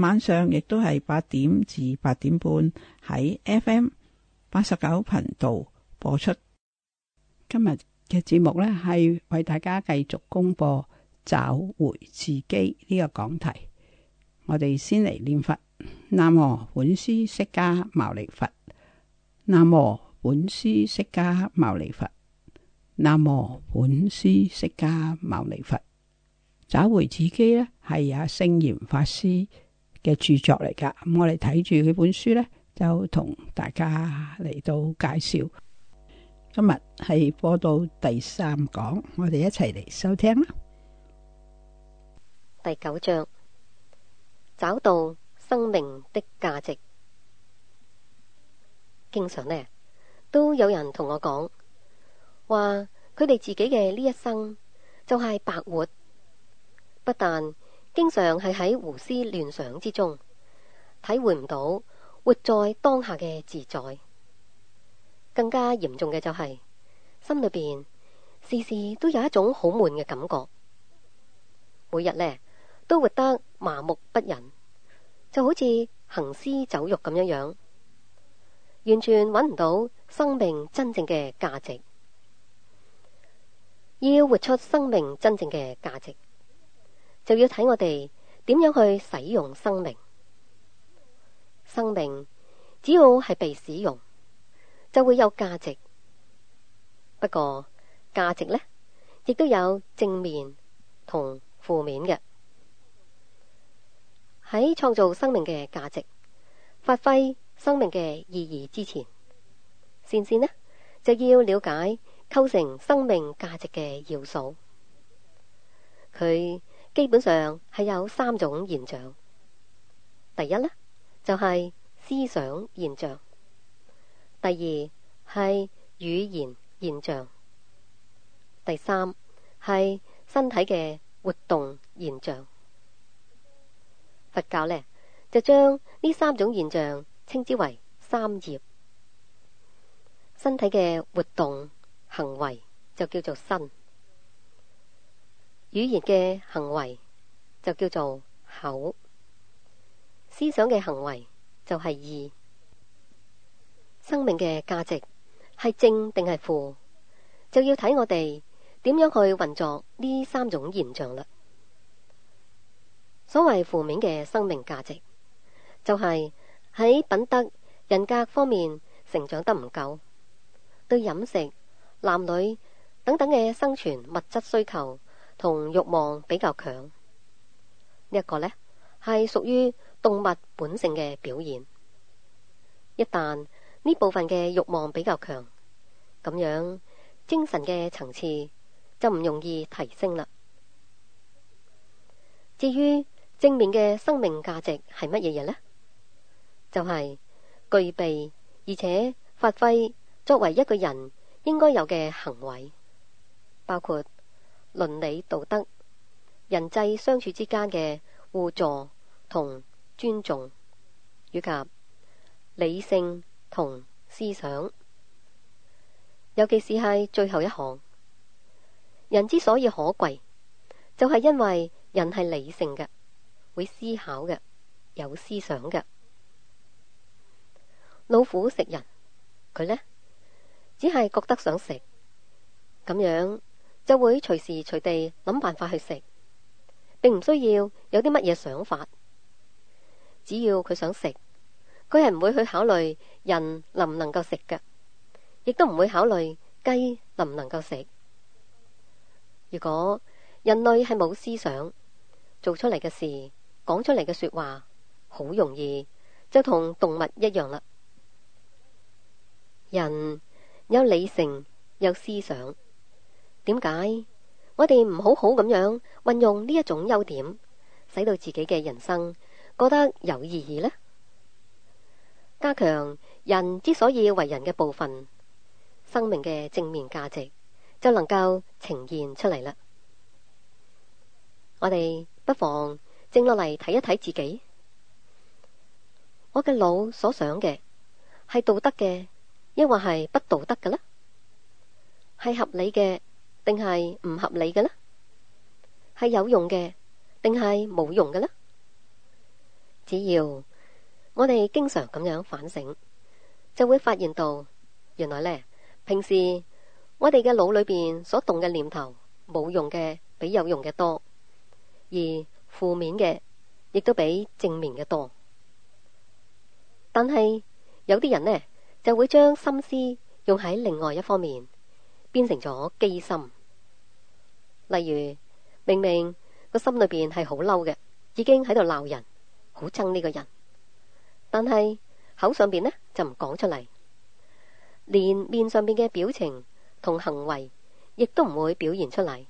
晚上亦都係八點至八點半喺 F.M. 八十九頻道播出。今日嘅節目呢，係為大家繼續公布找回自己呢個講題。我哋先嚟念佛，南無本師釋迦牟尼佛，南無本師釋迦牟尼佛，南無本師釋迦牟尼佛。找回自己呢，係阿聖嚴法師嘅著作嚟㗎，咁我哋睇住佢本書呢，就同大家嚟到介紹。今日係播到第三講，我哋一齊嚟收聽啦。第九章，找到生命的價值。經常呢，都有人同我講話，佢哋自己嘅呢一生就係白活，不但。經常係喺胡思亂想之中，體會唔到活在當下嘅自在。更加嚴重嘅就係、是，心裏邊時時都有一種好悶嘅感覺。每日呢都活得麻木不仁，就好似行屍走肉咁樣樣，完全揾唔到生命真正嘅價值。要活出生命真正嘅價值。就要睇我哋點樣去使用生命。生命只要係被使用，就會有價值。不過價值呢亦都有正面同負面嘅。喺創造生命嘅價值、發揮生命嘅意義之前，先先呢就要了解構成生命價值嘅要素。佢。基本上係有三種現象。第一呢，就係、是、思想現象，第二係語言現象，第三係身體嘅活動現象。佛教呢，就將呢三種現象稱之為三業。身體嘅活動行為，就叫做身，語言嘅行為就叫做口，思想嘅行為就係意，生命嘅價值係正定係負，就要睇我哋點樣去運作呢三種現象嘞。所謂負面嘅生命價值，就係喺品德、人格方面成長得唔夠，對飲食、男女等等嘅生存物質需求。同欲望比較強，這個、呢一個呢係屬於動物本性嘅表現。一旦呢部分嘅欲望比較強，咁樣精神嘅層次就唔容易提升啦。至於正面嘅生命價值係乜嘢嘢呢？就係、是、具備而且發揮作為一個人應該有嘅行為，包括。倫理道德、人際相處之間嘅互助同尊重，以及理性同思想，尤其是係最後一行，人之所以可貴，就係、是、因為人係理性嘅，會思考嘅，有思想嘅。老虎食人，佢呢，只係覺得想食，咁樣。就會隨時隨地諗辦法去食，並唔需要有啲乜嘢想法。只要佢想食，佢係唔會去考慮人能唔能夠食嘅，亦都唔會考慮雞能唔能夠食。如果人類係冇思想，做出嚟嘅事，講出嚟嘅說話，好容易就同動物一樣啦。人有理性，有思想，點解我哋唔好好咁樣運用呢一種優點，使到自己嘅人生覺得有意義呢？加強人之所以為人嘅部分，生命嘅正面價值就能夠呈現出嚟啦。我哋不妨靜落嚟睇一睇自己，我嘅腦所想嘅係道德嘅，抑或係不道德嘅呢？係合理嘅，定係唔合理嘅呢？係有用嘅，定係冇用嘅呢？只要我哋經常咁樣反省，就會發現到，原來呢，平時我哋嘅腦裏邊所動嘅念頭，冇用嘅比有用嘅多，而負面嘅亦都比正面嘅多。但係有啲人呢，就會將心思用喺另外一方面。變成咗機心，例如明明個心裏邊係好嬲嘅，已經喺度鬧人，好憎呢個人，但係口上邊呢就唔講出嚟，連面上邊嘅表情同行為亦都唔會表現出嚟，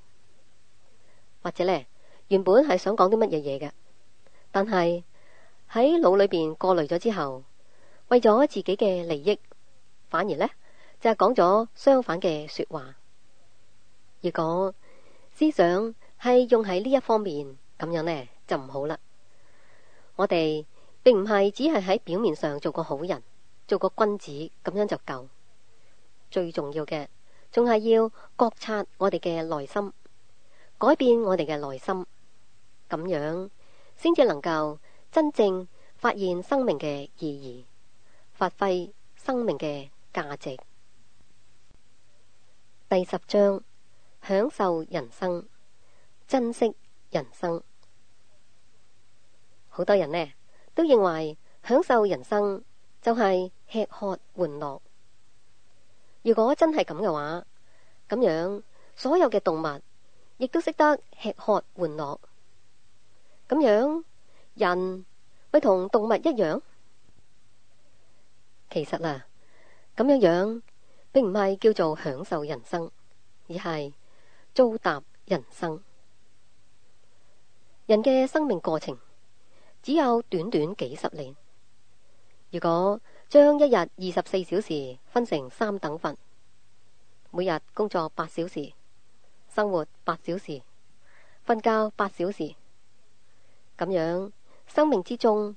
或者呢，原本係想講啲乜嘢嘢嘅，但係喺腦裏邊過濾咗之後，為咗自己嘅利益，反而呢，就係講咗相反嘅說話。如果思想係用喺呢一方面，咁樣呢，就唔好啦。我哋並唔係只係喺表面上做個好人、做個君子，咁樣就夠。最重要嘅仲係要覺察我哋嘅內心，改變我哋嘅內心，咁樣先至能夠真正發現生命嘅意義，發揮生命嘅價值。第十章，享受人生，珍惜人生。好多人呢都認為享受人生就係吃喝玩樂。如果真係咁嘅話，咁樣所有嘅動物亦都識得吃喝玩樂。咁樣人咪同動物一樣？其實啦，咁樣樣。並唔係叫做享受人生，而係糟蹋人生。人嘅生命過程只有短短幾十年。如果將一日二十四小時分成三等份，每日工作八小時，生活八小時，瞓覺八小時，咁樣，生命之中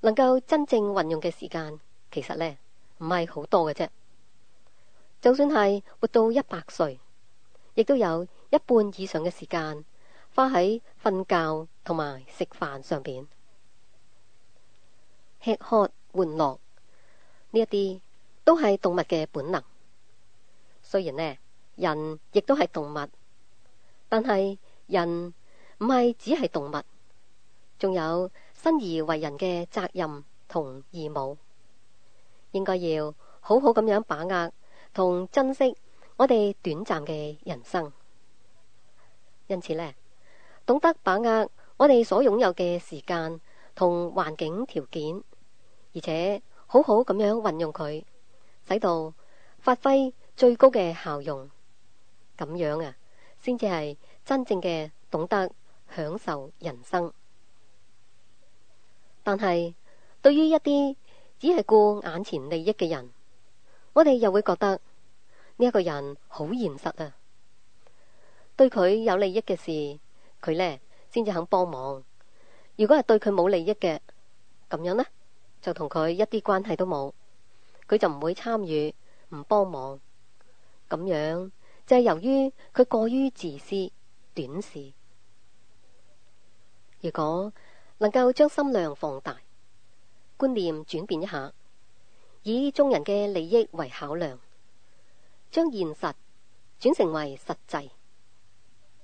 能夠真正運用嘅時間，其實呢，唔係好多嘅啫。就算係活到一百歲，亦都有一半以上嘅時間花喺瞓覺同埋食飯上邊，吃喝玩樂呢一啲都係動物嘅本能。雖然呢，人亦都係動物，但係人唔係只係動物，仲有生而為人嘅責任同義務，應該要好好咁樣把握。同珍惜我哋短暫嘅人生，因此呢懂得把握我哋所擁有嘅時間同環境條件，而且好好咁樣運用佢，使到發揮最高嘅效用，咁樣啊，先至係真正嘅懂得享受人生。但係對於一啲只係顧眼前利益嘅人，我哋又會覺得呢一個人好現實啊，對佢有利益嘅事，佢呢先至肯幫忙。如果係對佢冇利益嘅，咁樣呢，就同佢一啲關係都冇，佢就唔會參與，唔幫忙。咁樣就係由於佢過於自私、短視。如果能夠將心量放大，觀念轉變一下。以眾人嘅利益為考量，將現實轉成為實際，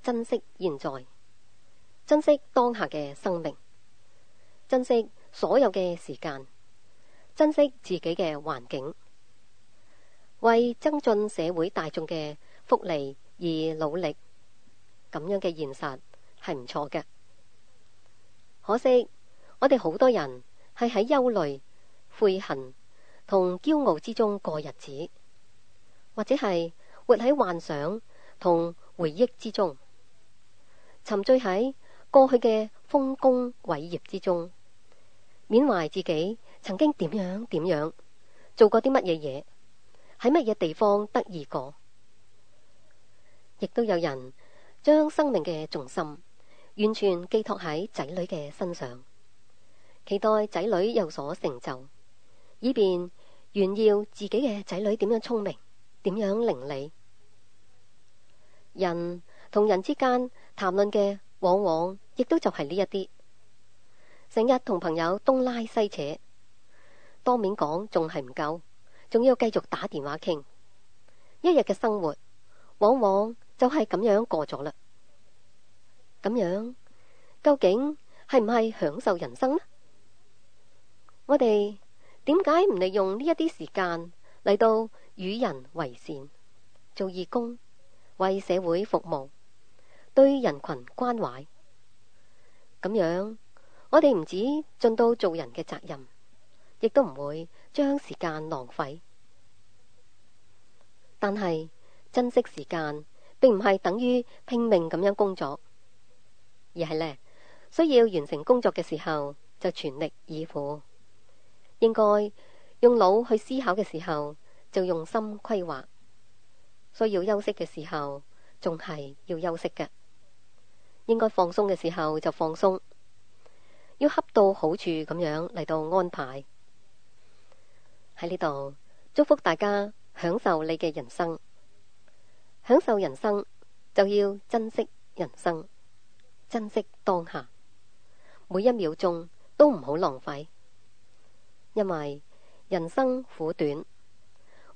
珍惜現在，珍惜當下嘅生命，珍惜所有嘅時間，珍惜自己嘅環境，為增進社會大眾嘅福利而努力。咁樣嘅現實係唔錯嘅，可惜我哋好多人係喺憂慮、悔恨。同驕傲之中過日子，或者係活喺幻想同回憶之中，沉醉喺過去嘅豐功偉業之中，緬懷自己曾經點樣點樣，做過啲乜嘢嘢，喺乜嘢地方得意過。亦都有人將生命嘅重心完全寄托喺仔女嘅身上，期待仔女有所成就，以便，炫耀自己嘅仔女點樣聰明，點樣伶俐。人同人之間談論嘅，往往亦都就係呢一啲。成日同朋友東拉西扯，當面講仲係唔夠，仲要繼續打電話傾。一日嘅生活，往往就係咁樣過咗嘞。咁樣，究竟係唔係享受人生呢？我哋。點解唔利用呢一啲時間嚟到與人為善、做義工、為社會服務、對人群關懷咁樣？我哋唔止盡到做人嘅責任，亦都唔會將時間浪費。但係珍惜時間，並唔係等於拼命咁樣工作，而係呢，需要完成工作嘅時候就全力以赴。應該用腦去思考嘅時候，就用心規劃；需要休息嘅時候，仲係要休息嘅。應該放鬆嘅時候就放鬆，要恰到好處咁樣嚟到安排。喺呢度祝福大家，享受你嘅人生。享受人生就要珍惜人生，珍惜當下，每一秒鐘都唔好浪費。因為人生苦短，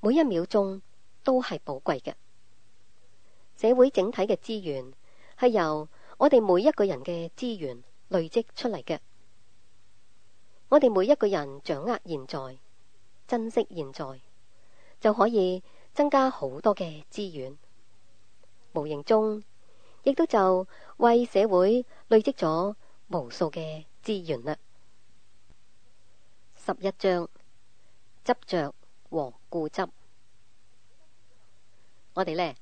每一秒鐘都係寶貴嘅。社會整體嘅資源係由我哋每一個人嘅資源累積出嚟嘅。我哋每一個人掌握現在，珍惜現在，就可以增加好多嘅資源，無形中亦都就為社會累積咗無數嘅資源啦。十一章，執着和固執。我哋呢，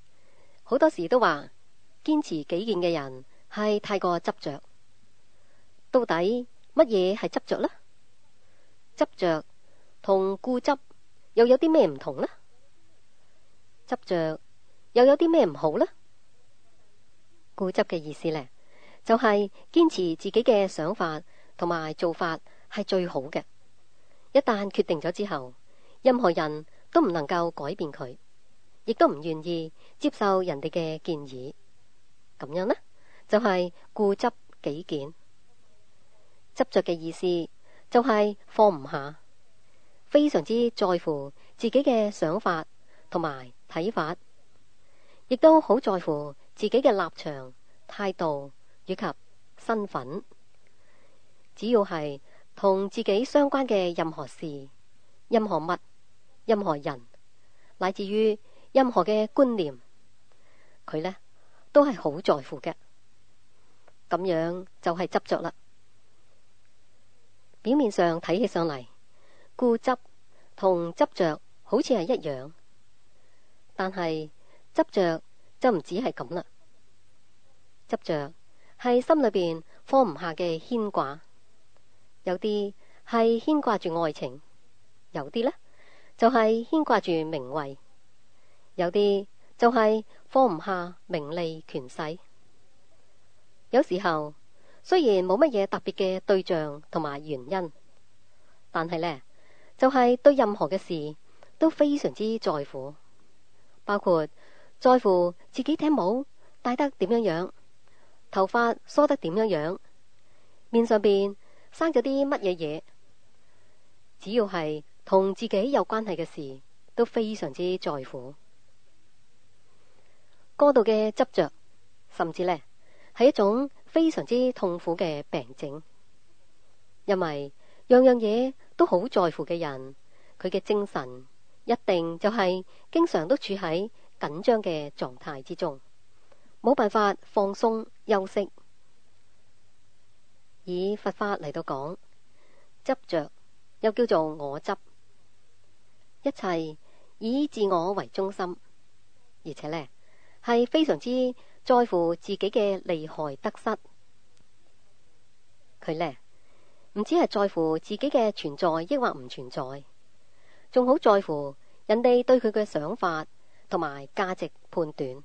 好多時都話堅持己見嘅人係太過執着。到底乜嘢係執着呢？執着同固執又有啲咩唔同呢？執着又有啲咩唔好呢？固執嘅意思呢，就係堅持自己嘅想法同埋做法係最好嘅。一旦決定咗之後，任何人都唔能夠改變佢，亦都唔願意接受人哋嘅建議。咁樣呢，就係固執己見。執着嘅意思就係放唔下，非常之在乎自己嘅想法同埋睇法，亦都好在乎自己嘅立場、態度以及身份。只要係，同自己相關嘅任何事、任何物、任何人，乃至於任何嘅觀念，佢呢，都係好在乎嘅。咁樣就係執着啦。表面上睇起上嚟，固執同執着好似係一樣，但係執着就唔止係咁啦。執着係心裏面放唔下嘅牽掛。有啲係牽掛住愛情，有啲呢就係、是、牽掛住名位，有啲就係放唔下名利權勢。有時候雖然冇乜嘢特別嘅對象同埋原因，但係呢就係、是、對任何嘅事都非常之在乎，包括在乎自己頂帽戴得點樣樣，頭髮梳得點樣樣，面上邊生咗啲乜嘢嘢，只要係同自己有關係嘅事，都非常之在乎。過度嘅執着，甚至呢，係一種非常之痛苦嘅病症。因為樣樣嘢都好在乎嘅人，佢嘅精神一定就係經常都處喺緊張嘅狀態之中，冇辦法放鬆休息。以佛法嚟到講執着，又叫做我執，一切以自我為中心，而且呢係非常之在乎自己嘅利害得失。佢呢唔只係在乎自己嘅存，存在，抑或唔存在，仲好在乎人哋對佢嘅想法同埋價值判斷，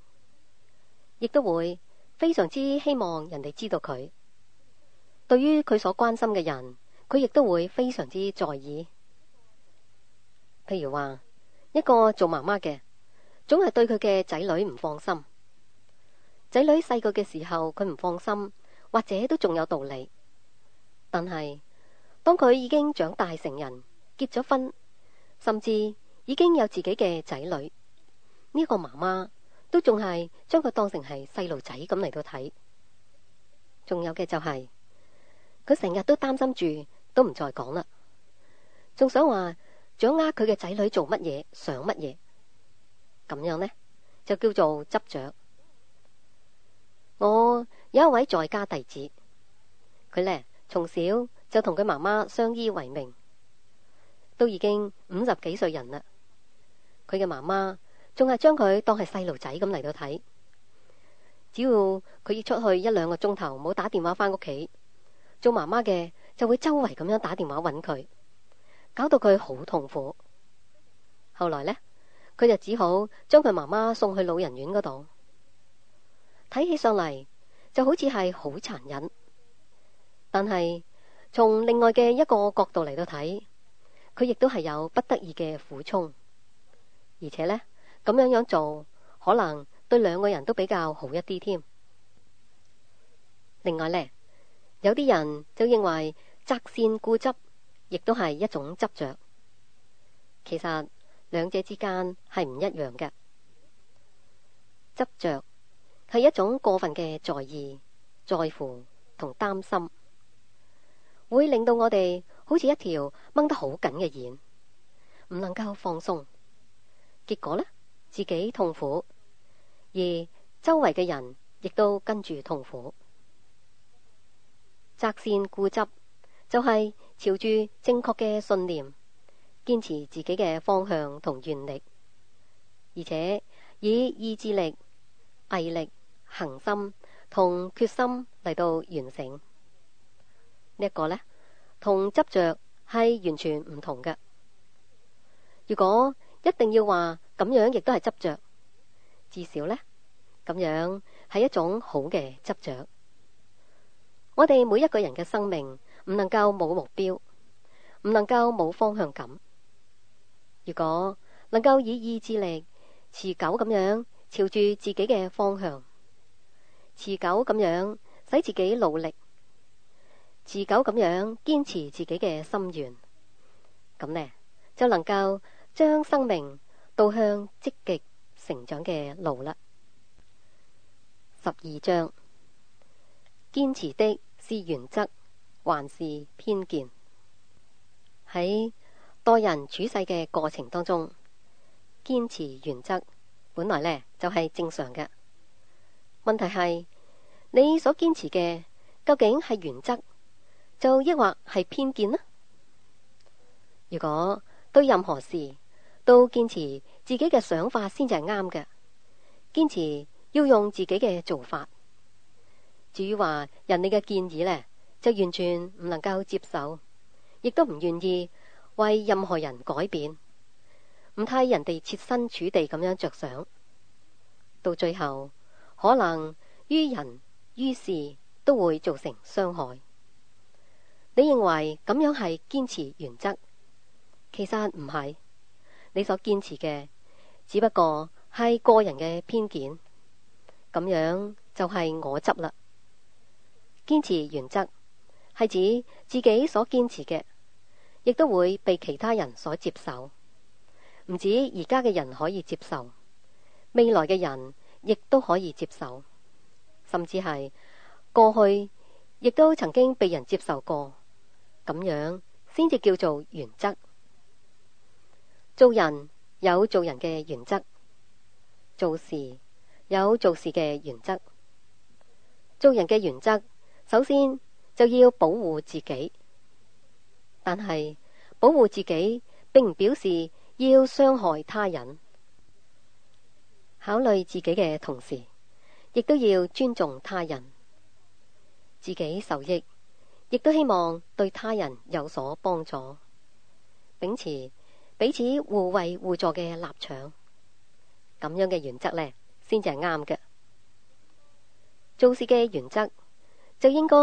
亦都會非常之希望人哋知道佢。對於佢所關心嘅人，佢亦都會非常之在意。譬如話一個做媽媽嘅，總係對佢嘅仔女唔放心。仔女細個嘅時候，佢唔放心，或者都仲有道理。但係當佢已經長大成人，結咗婚，甚至已經有自己嘅仔女，呢個媽媽都仲係將佢當成係細路仔咁嚟到睇。仲有嘅就係。佢成日都擔心住，都唔再講啦。仲想話掌握佢嘅仔女做乜嘢，想乜嘢咁樣呢，就叫做執着。我有一位在家弟子，佢呢，從小就同佢媽媽相依為命，都已經五十幾歲人啦。佢嘅媽媽仲係將佢當係細路仔咁嚟到睇，只要佢要出去一兩個鐘頭，冇打電話翻屋企，做媽媽嘅就會周圍咁樣打電話揾佢，搞到佢好痛苦。後來呢，佢就只好將佢媽媽送去老人院嗰度。睇起上嚟就好似係好殘忍，但係從另外嘅一個角度嚟到睇，佢亦都係有不得已嘅苦衷。而且呢，咁樣樣做，可能對兩個人都比較好一啲添。另外呢。有啲人就認為擇善固執，亦都係一種執着。其實兩者之間係唔一樣嘅。執着係一種過分嘅在意、在乎同擔心，會令到我哋好似一條掹得好緊嘅弦，唔能夠放鬆。結果呢，自己痛苦，而周圍嘅人亦都跟住痛苦。擇善固執，就係、是、朝住正確嘅信念，堅持自己嘅方向同原力，而且以意志力、毅力、恒心同決心嚟到完成、這個、呢一個呢，同執着係完全唔同嘅。如果一定要話咁樣，亦都係執着，至少呢，咁樣係一種好嘅執着。我哋每一個人嘅生命唔能夠冇目標，唔能夠冇方向感。如果能夠以意志力持久咁樣朝住自己嘅方向，持久咁樣使自己努力，持久咁樣堅持自己嘅心願，咁呢，就能夠將生命導向積極成長嘅路啦。十二章，堅持的。是原則還是偏見？喺待人處世嘅過程當中，堅持原則本來呢就係、是、正常嘅。問題係你所堅持嘅究竟係原則，就抑或係偏見呢？如果對任何事都堅持自己嘅想法，先至係啱嘅，堅持要用自己嘅做法，至於話人哋嘅建議呢，就完全唔能夠接受，亦都唔願意為任何人改變，唔替人哋設身處地咁樣着想，到最後可能於人於事都會造成傷害。你認為咁樣係堅持原則？其實唔係，你所堅持嘅，只不過係個人嘅偏見，咁樣就係我執啦。堅持原則，係指自己所堅持嘅，亦都會被其他人所接受。唔止而家嘅人可以接受，未來嘅人亦都可以接受，甚至係過去亦都曾經被人接受過，咁樣先至叫做原則。做人有做人嘅原則，做事有做事嘅原則，做人嘅原則。首先就要保護自己，但係保護自己並唔表示要傷害他人。考慮自己嘅同時，亦都要尊重他人，自己受益，亦都希望對他人有所幫助，秉持彼此互惠互助嘅立場，咁樣嘅原則呢，先至係啱嘅做事嘅原則。就應該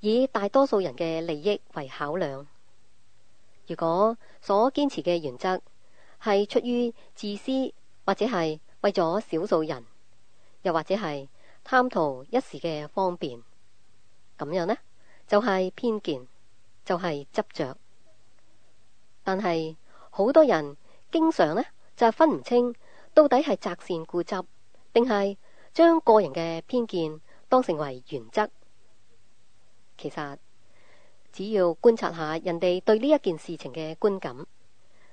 以大多數人嘅利益為考量。如果所堅持嘅原則係出於自私，或者係為咗少數人，又或者係貪圖一時嘅方便，咁樣呢就係偏見，就係執着。但係好多人經常呢就係分唔清到底係擇善固執，定係將個人嘅偏見當成為原則。其實只要觀察下人哋對呢一件事情嘅觀感，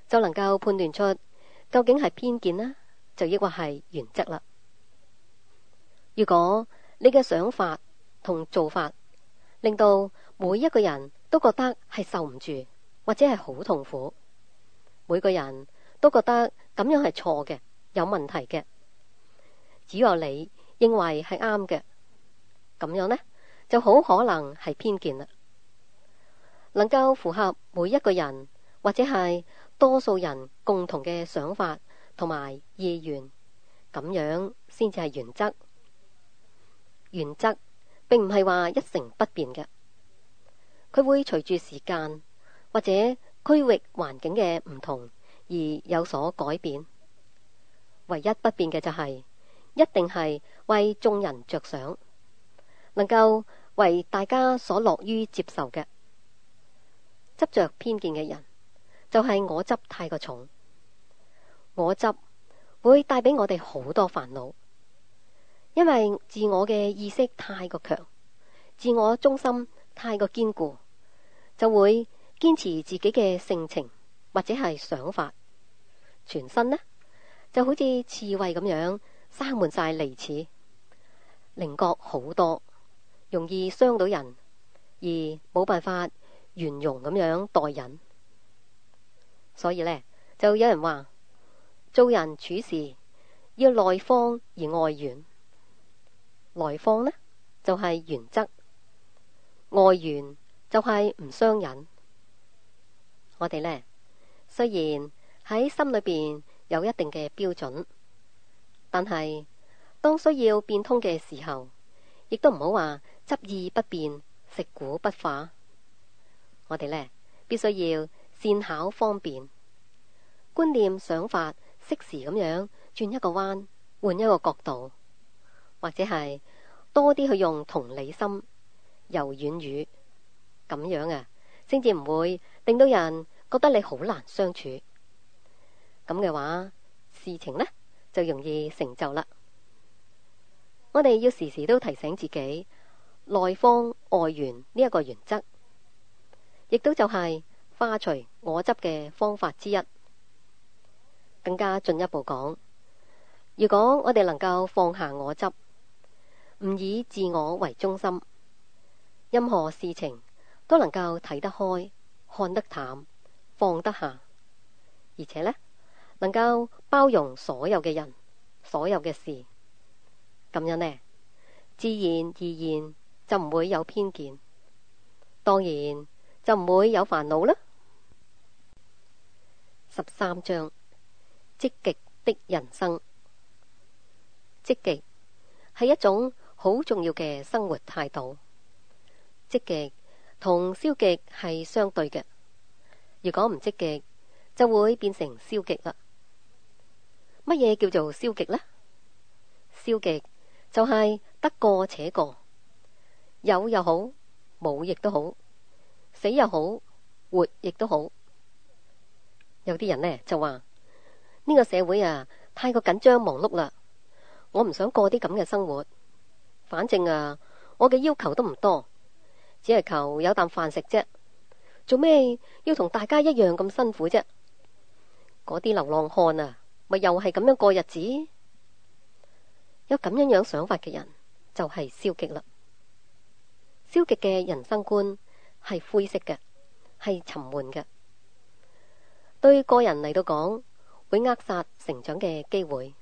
就能夠判斷出究竟係偏見啦，就抑或係原則啦。如果你嘅想法同做法令到每一個人都覺得係受唔住，或者係好痛苦，每個人都覺得咁樣係錯嘅、有問題嘅，只有你認為係啱嘅。咁樣呢，就好可能係偏見啦，能夠符合每一個人或者係多數人共同嘅想法同埋意願，咁樣先至係原則。原則並唔係話一成不變嘅，佢會隨住時間或者區域環境嘅唔同而有所改變。唯一不變嘅就係，一定係為眾人着想。能夠為大家所樂於接受嘅，執着偏見嘅人，就係我執太過重，我執會帶俾我哋好多煩惱，因為自我嘅意識太過強，自我中心太過堅固，就會堅持自己嘅性情或者係想法，全身呢就好似刺蝟咁樣生滿晒利齒，稜角好多。容易傷到人，而冇辦法圓融咁樣待人，所以呢，就有人話做人處事要內方而外圓。內方呢就係原則，外圓就係唔傷人。我哋呢，雖然喺心裏邊有一定嘅標準，但係當需要變通嘅時候，亦都唔好話執意不變，食古不化。我哋呢，必須要善巧方便觀念、想法、適時咁樣轉一個彎，換一個角度，或者係多啲去用同理心、柔軟語，咁樣啊，先至唔會令到人覺得你好難相處。咁嘅話，事情呢就容易成就啦。我哋要時時都提醒自己內方外圓呢一個原則，亦都就係化除我執嘅方法之一。更加進一步講，如果我哋能夠放下我執，唔以自我為中心，任何事情都能夠睇得開、看得淡、放得下，而且呢，能夠包容所有嘅人、所有嘅事。咁樣呢，自然而然就唔會有偏見，當然就唔會有煩惱啦。十三章，積極的人生，積極係一種好重要嘅生活態度。積極同消極係相對嘅，如果唔積極，就會變成消極啦。乜嘢叫做消極呢？消極。就係得過且過，有又好，冇亦都好，死又好，活亦都好。有啲人呢，就話：呢個社會啊，太過緊張忙碌啦，我唔想過啲咁嘅生活。反正啊，我嘅要求都唔多，只係求有啖飯食啫。做咩要同大家一樣咁辛苦啫？嗰啲流浪漢啊，咪又係咁樣過日子？有咁樣樣想法嘅人，就係、是、消極啦。消極嘅人生觀係灰色嘅，係沉悶嘅。對個人嚟到講，會扼殺成長嘅機會；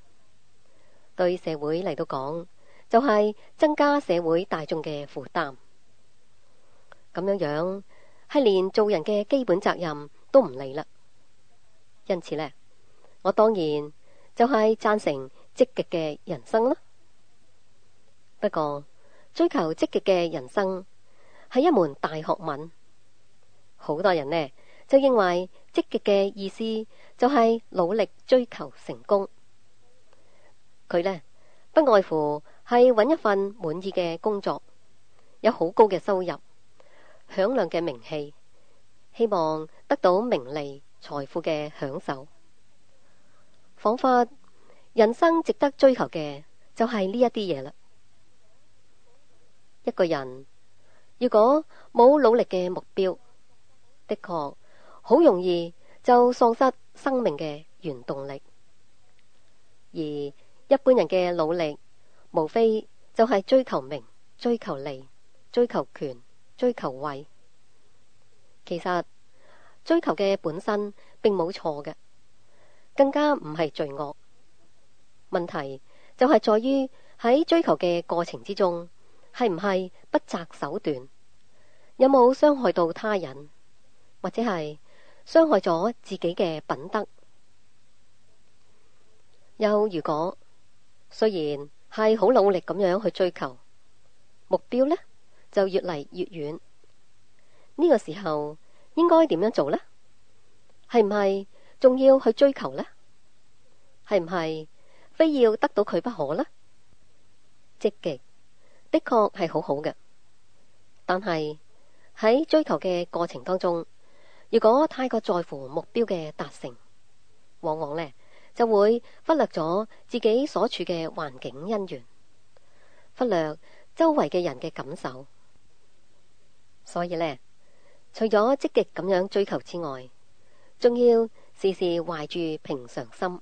對社會嚟到講，就係、是、增加社會大眾嘅負擔。咁樣樣係連做人嘅基本責任都唔嚟啦。因此呢，我當然就係讚成。積極嘅人生啦，不過追求積極嘅人生係一門大學問，好多人呢就認為積極嘅意思就係努力追求成功，佢呢不外乎係揾一份滿意嘅工作，有好高嘅收入、響亮嘅名氣，希望得到名利財富嘅享受，仿佛。人生值得追求嘅就係呢一啲嘢啦。一個人如果冇努力嘅目標，的確好容易就喪失生命嘅原動力。而一般人嘅努力，無非就係追求名、追求利、追求權、追求位。其實追求嘅本身並冇錯嘅，更加唔係罪惡。問題就係在於喺追求嘅過程之中，係唔係不擇手段，有冇傷害到他人，或者係傷害咗自己嘅品德？又如果雖然係好努力咁樣去追求目標呢，就越嚟越遠，呢個時候應該點樣做呢？係唔係仲要去追求呢？係唔係？非要得到佢不可呢，積極的確係好好嘅，但係喺追求嘅過程當中，如果太過在乎目標嘅達成，往往呢就會忽略咗自己所處嘅環境因緣，忽略周圍嘅人嘅感受。所以呢，除咗積極咁樣追求之外，仲要時時懷住平常心。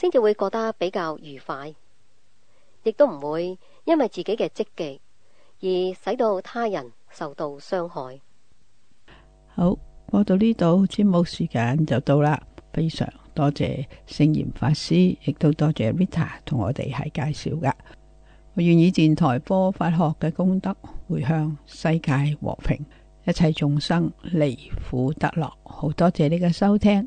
先至會覺得比較愉快，亦都唔會因為自己嘅積極而使到他人受到傷害。好，播到呢度，節目時間就到啦，非常多謝聖賢法師，亦都多謝 Vita 同我哋係介紹㗎。我願意站台播法學嘅功德，回向世界和平，一切眾生離苦得樂。好多謝你嘅收聽。